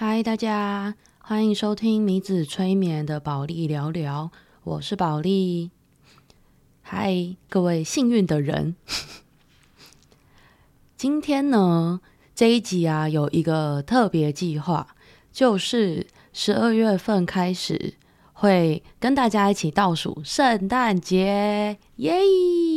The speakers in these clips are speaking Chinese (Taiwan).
嗨，大家歡迎收聽謎子催眠的保利聊聊，我是保利。嗨，各位幸運的人， 今天呢這一集啊有一個特別企劃，就是十二月份開始會跟大家一起倒數聖誕節，耶、yeah!！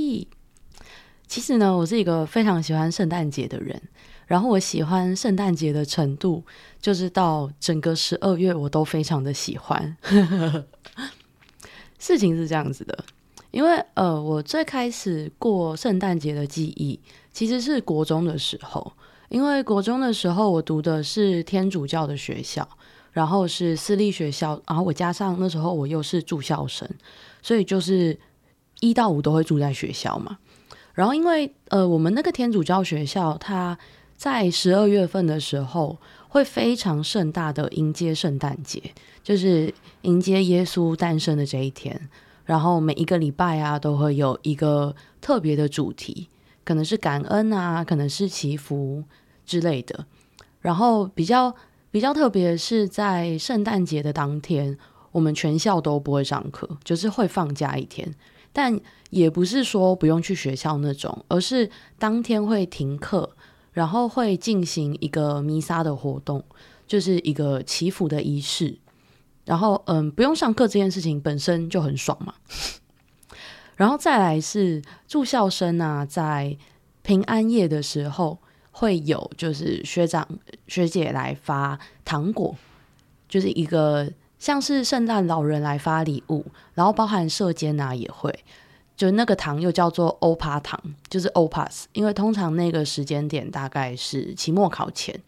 其實呢，我是一個非常喜歡聖誕節的人。然後我喜歡聖誕節的程度，就是到整個十二月我都非常的喜歡。 事情是這樣子的，因為呃，我最開始過聖誕節的記憶其實是國中的時候，因為國中的時候我讀的是天主教的學校，然後是私立學校，然後我加上那時候我又是住校生，所以就是一到五都會住在學校嘛。然後，因為呃，我們那個天主教學校，它在十二月份的時候會非常盛大的迎接聖誕節，就是迎接耶穌誕生的這一天。然後每一個禮拜啊，都會有一個特別的主題，可能是感恩啊，可能是祈福之類的。然後比較比較特別的是，在聖誕節的當天，我們全校都不會上課，就是會放假一天。但也不是說不用去學校那種，而是當天會停課，然後會進行一個彌撒的活動，就是一個祈福的儀式。然後，嗯，不用上課這件事情本身就很爽嘛。然後再來是住校生啊，在平安夜的時候會有就是學長學姐來發糖果，就是一個。像是聖誕老人來發禮物，然後包含聖誕節啊，也會，就那個糖又叫做歐帕糖，就是 opas，因為通常那個時間點大概是期末考前，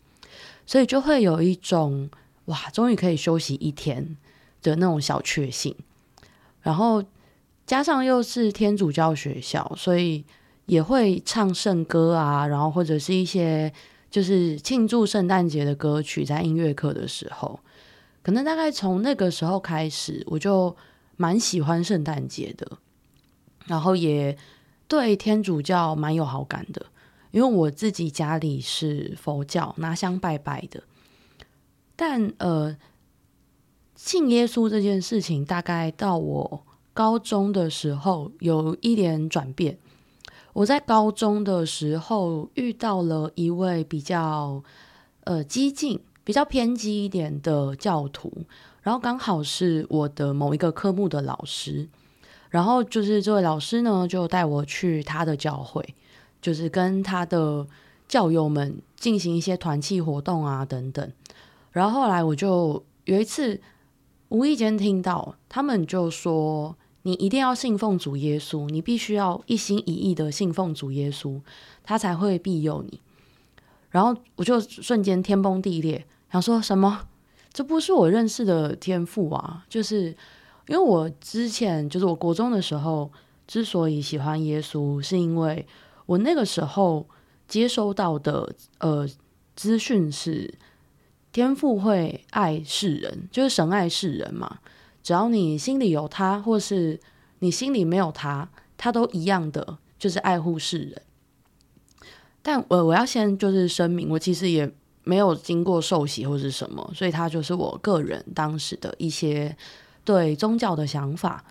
所以就會有一種哇，終於可以休息一天的那種小確幸。然後加上又是天主教學校，所以也會唱聖歌啊，然後或者是一些就是慶祝聖誕節的歌曲，在音樂課的時候。可能大概從那個時候開始，我就蠻喜歡聖誕節的，然後也對天主教蠻有好感的，因為我自己家裡是佛教，拿香拜拜的。但呃，信耶穌這件事情，大概到我高中的時候有一點轉變。我在高中的時候遇到了一位比較呃激進。比較偏激一點的教徒，然後剛好是我的某一個科目的老師，然後就是這位老師呢，就帶我去他的教會，就是跟他的教友們進行一些團契活動啊等等，然後後來我就有一次無意間聽到他們就說：“你一定要信奉主耶穌，你必須要一心一意的信奉主耶穌，他才會庇佑你。”然後我就瞬間天崩地裂。想說什麼？這不是我認識的天父啊！就是因為我之前就是我國中的時候之所以喜歡耶穌，是因為我那個時候接收到的呃資訊是天父會愛世人，就是神愛世人嘛。只要你心裡有他，或是你心裡沒有他，他都一樣的，就是愛護世人。但我、呃、我要先就是聲明，我其實也。沒有經過受洗或者，是什麼，所以他就是我個人當時的一些對宗教的想法。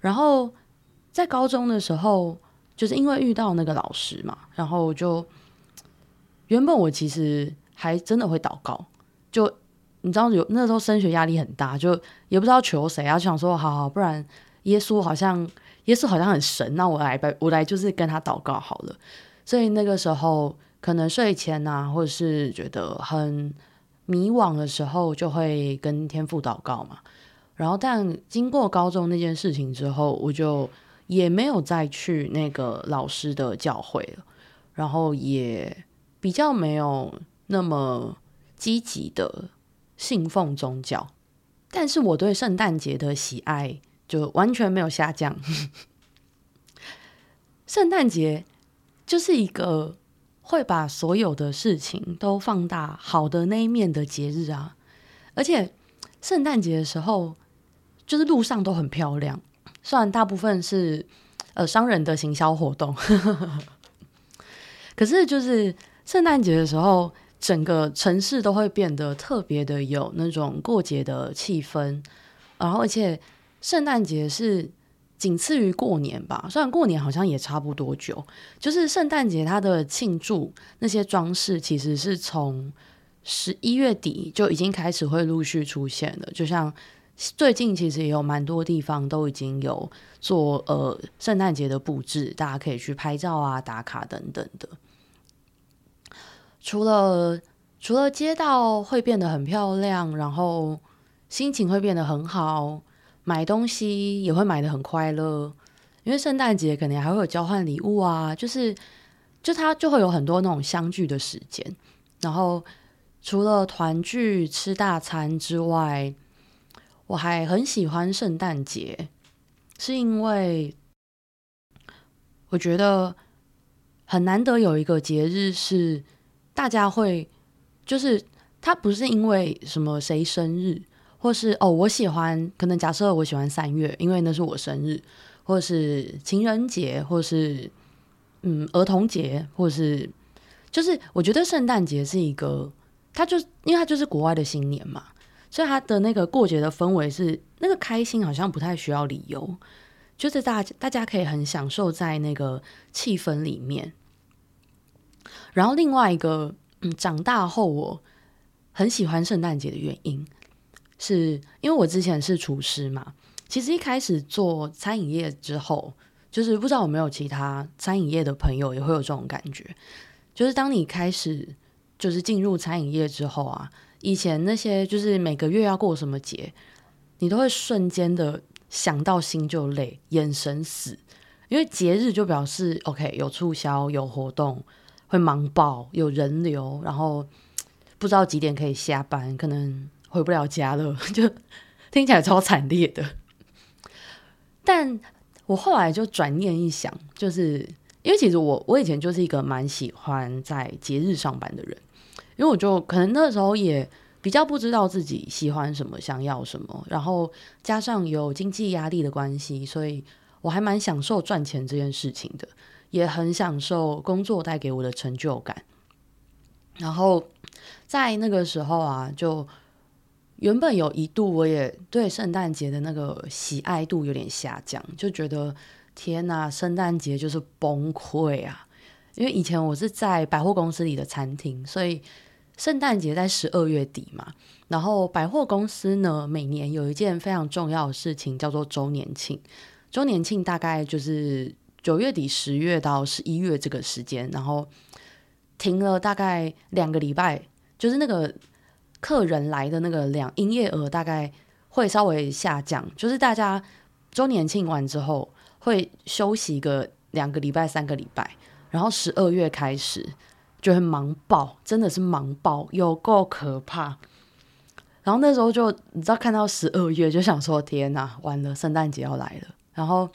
然後在高中的時候，就是因為遇到那個老師嘛，然後就原本我其實還真的會禱告，就你知道有那時候升學壓力很大，就也不知道求誰啊，就想說好好，不然耶穌好像耶穌好像很神，那我來唄，我來就是跟他禱告好了。所以那個時候。可能睡前啊，或是覺得很迷惘的時候，就會跟天父禱告嘛。然後，但經過高中那件事情之後，我就也沒有再去那個老師的教會了，然後也比較沒有那麼積極的信奉宗教。但是我對聖誕節的喜愛就完全沒有下降。 聖誕節就是一個。會把所有的事情都放大，好的那一面的節日啊，而且聖誕節的時候，就是路上都很漂亮，雖然大部分是呃商人的行銷活動呵呵，可是就是聖誕節的時候，整個城市都會變得特別的有那種過節的氣氛，然後而且聖誕節是。僅次於過年吧，雖然過年好像也差不多久，就是聖誕節它的慶祝那些裝飾其實是從十一月底就已經開始會陸續出現了。就像最近其實也有蠻多地方都已經有做呃聖誕節的布置，大家可以去拍照啊、打卡等等的。除了除了街道會變得很漂亮，然後心情會變得很好。買東西也會買的很快樂，因為聖誕節可能還會有交換禮物啊，就是就他就會有很多那種相聚的時間。然後除了團聚吃大餐之外，我還很喜歡聖誕節，是因為我覺得很難得有一個節日是大家會，就是他不是因為什麼誰生日。或是哦，我喜歡，可能假設我喜歡三月，因為那是我生日，或是情人節，或是嗯兒童節，或是就是我覺得聖誕節是一個，它就因為它就是國外的新年嘛，所以它的那個過節的氛圍是那個開心，好像不太需要理由，就是大家大家可以很享受在那個氣氛裡面。然後另外一個，嗯，長大後我很喜歡聖誕節的原因。是因為我之前是廚師嘛，其實一開始做餐飲業之後，就是不知道有沒有其他餐飲業的朋友也會有這種感覺，就是當你開始就是進入餐飲業之後啊，以前那些就是每個月要過什麼節，你都會瞬間的想到心就累，眼神死，因為節日就表示 OK 有促銷有活動會忙爆有人流，然後不知道幾點可以下班，可能。回不了家了，就聽起來超慘烈的。但我後來就轉念一想，就是因為其實我我以前就是一個蠻喜歡在節日上班的人，因為我就可能那時候也比較不知道自己喜歡什麼、想要什麼，然後加上有經濟壓力的關係，所以我還蠻享受賺錢這件事情的，也很享受工作帶給我的成就感。然後在那個時候啊，就。原本有一度，我也對聖誕節的那個喜愛度有點下降，就覺得天哪，聖誕節就是崩潰啊！因為以前我是在百貨公司裡的餐廳，所以聖誕節在十二月底嘛。然後百貨公司呢，每年有一件非常重要的事情叫做週年慶，週年慶大概就是九月底、十月到十一月這個時間，然後停了大概兩個禮拜，就是那個。客人來的那個量，營業額大概會稍微下降，就是大家周年慶完之後會休息個兩個禮拜、三個禮拜，然後十二月開始就會忙爆，真的是忙爆，有夠可怕。然後那時候就你知道，看到十二月就想說天啊，完了，聖誕節要來了。然後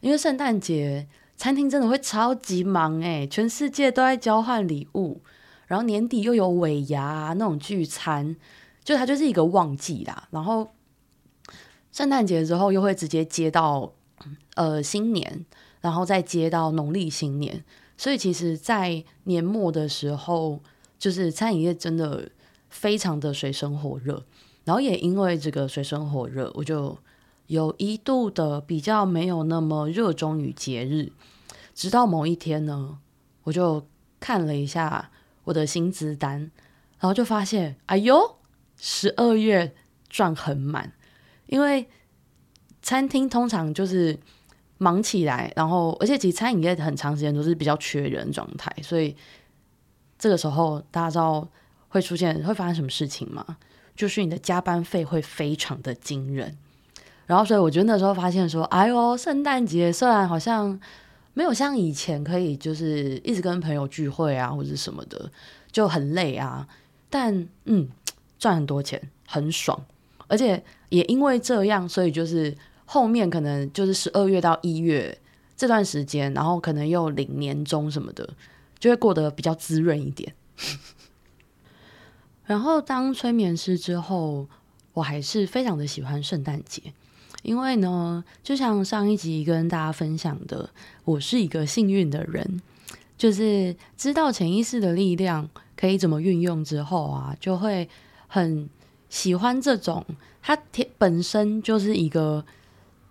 因為聖誕節餐廳真的會超級忙哎、欸，全世界都在交換禮物。然後年底又有尾牙那種聚餐，就它就是一個旺季啦。然後聖誕節之後又會直接接到呃新年，然後再接到農曆新年。所以其實，在年末的時候，就是餐飲業真的非常的水深火熱。然後也因為這個水深火熱，我就有一度的比較沒有那麼熱衷於節日。直到某一天呢，我就看了一下。我的薪資單，然後就發現，哎呦，十二月賺很滿，因為餐廳通常就是忙起來，然後而且其實餐飲業很長時間都是比較缺人狀態，所以這個時候大家知道會出現會發生什麼事情嗎？就是你的加班費會非常的驚人，然後所以我覺得那時候發現說，哎呦，聖誕節雖然好像。沒有像以前可以就是一直跟朋友聚會啊或者什麼的就很累啊，但嗯賺很多錢很爽，而且也因為這樣，所以就是後面可能就是十二月到一月這段時間，然後可能又領年終什麼的，就會過得比較滋潤一點。 然後當催眠師之後，我還是非常的喜歡聖誕節。因為呢，就像上一集跟大家分享的，我是一個幸運的人，就是知道潛意識的力量可以怎麼運用之後啊，就會很喜歡這種它天本身就是一個，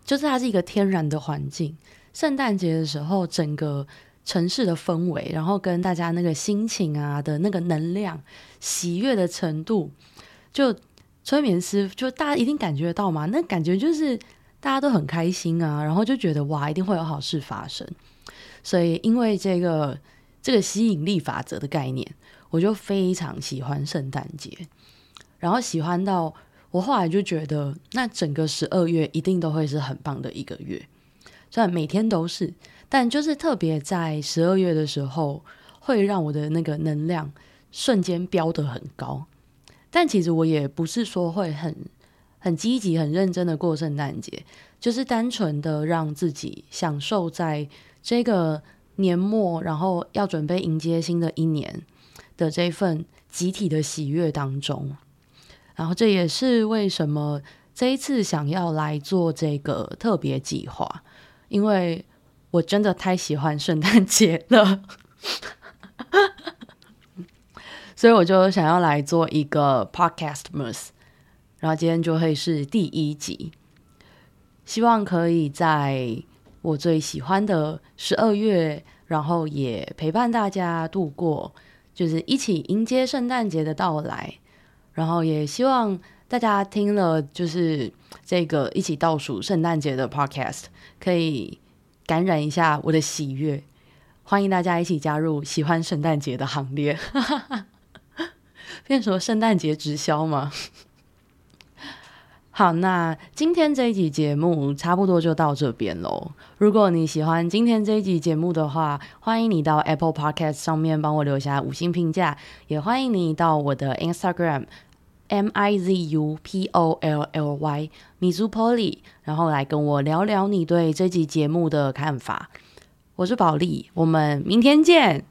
就是它是一個天然的環境。聖誕節的時候，整個城市的氛圍，然後跟大家那個心情啊的那個能量、喜悅的程度，就。催眠師就大家一定感覺得到嘛？那感覺就是大家都很開心啊，然後就覺得哇，一定會有好事發生。所以因為這個這個吸引力法則的概念，我就非常喜歡聖誕節，然後喜歡到我後來就覺得那整個十二月一定都會是很棒的一個月，雖然每天都是，但就是特別在十二月的時候，會讓我的那個能量瞬間飆得很高。但其實我也不是說會很很積極、很認真的過聖誕節，就是單純的讓自己享受在這個年末，然後要準備迎接新的一年的這份集體的喜悅當中。然後這也是為什麼這一次想要來做這個特別企劃，因為我真的太喜歡聖誕節了。 所以我就想要來做一個 PodcastMas，然後今天就會是第一集，希望可以在我最喜歡的十二月，然後也陪伴大家度過，就是一起迎接聖誕節的到來。然後也希望大家聽了就是這個一起倒數聖誕節的 podcast，可以感染一下我的喜悅。歡迎大家一起加入喜歡聖誕節的行列。哈哈哈。變成聖誕節直銷嗎？ 好，那今天這一集節目差不多就到這邊嘍。如果你喜歡今天這一集節目的話，歡迎你到 Apple Podcast 上面幫我留下五星評價，也歡迎你到我的 Instagram，M I Z U P O L L Y Mizupolly，然後來跟我聊聊你對這一集節目的看法。我是寶利，我們明天見。